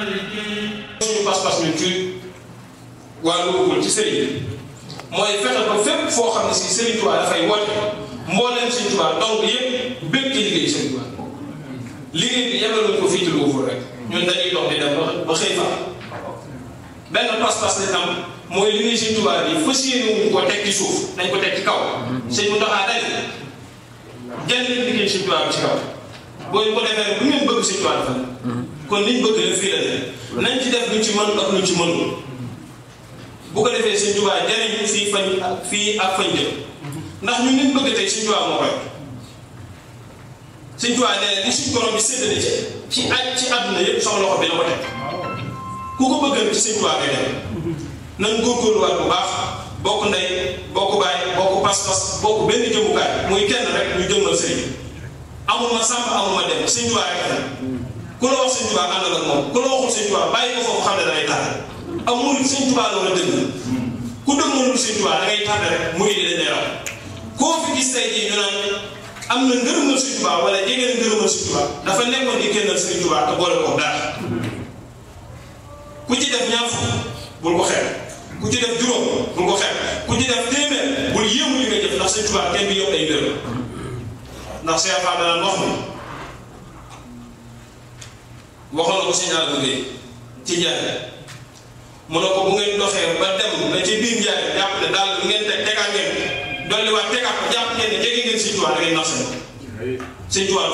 suñu pas-pas ñun ci waa Louga ci sëriñ mooy fexe ba fépp foo xam ne si sëriñ Tuubaa dafay woote mbooleem sëriñ Tuubaa donc yëpp bépp ko fii ci Louga di dem ba xëy fa benn pas-pas lañ am mooy liggéey sëriñ Tuubaa bi fas yéene ko teg ci suuf nañ ko teg ci kaw sëñ mu doxaa dal jël liggéey sëriñ Tuubaa bi ci kaw booy ko defee bu ngeen bëgg sëriñ Tuubaa dafa kon liñ bëgg la fii nañ ci def luñ ci mën ak luñ ci mënul bu ko defee suñ jubaa jariñ fii fañ fii ak fañ jëm ndax ñu nit bëgg tey suñ jubaa moo koy suñ jubaa nee li suñ ci ci at ci àdduna yëpp soxla ko ko teg bu baax bokk ndey bokk baay bokk pas-pas bokk benn jëmukaay muy kenn rek ñu jëmmal sëriñ amul ma sàmp amul ma dem suñ jubaa rek ku la wax sëñ Tuubaa àndal ak moom ku la waxul sëñ Tuubaa ko foofu xam ne da ngay tardé am murid sëñ Tuubaa la war a ku dëgmalul sëñ Tuubaa da ngay tardé rek murid yi dañ lay koo fi gis tey jii am na ngërëmal sëñ Tuubaa wala jege na ngërëmal sëñ Tuubaa dafa nekkoon di génnal sëñ Tuubaa te ko dara ci def ñaar fukk bul ko xeeb ku ci def juróom bul ko xeeb ku ci def téeméer bul yéemu li nga jëf ndax sëñ Tuubaa kenn bi yokk ay mbir ndax Cheikh Fall dana wax ni waxoon na ko signal bu ci njaay mu ne ko bu ngeen doxee ba dem na ci biir njaay jàpp ne daal bu ngeen teg tegaat ngeen dolli waat tegaat ko jàpp ngeen ne jege ngeen Sëñ da ngay nax seen Sëñ ba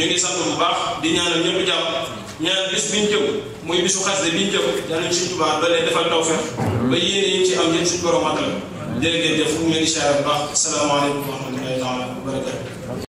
xëy bu baax di ñaanal ñëpp jàmm bi ñu jëm muy bisu xasde bi ñu jëm yàlla ñu Sëñ Tuubaa loolu yi ci am yëpp suñu borom matal jërë ngeen jëf ñu ngi siyaare bu baax asalaamaaleykum wa rahmatulah وبركاته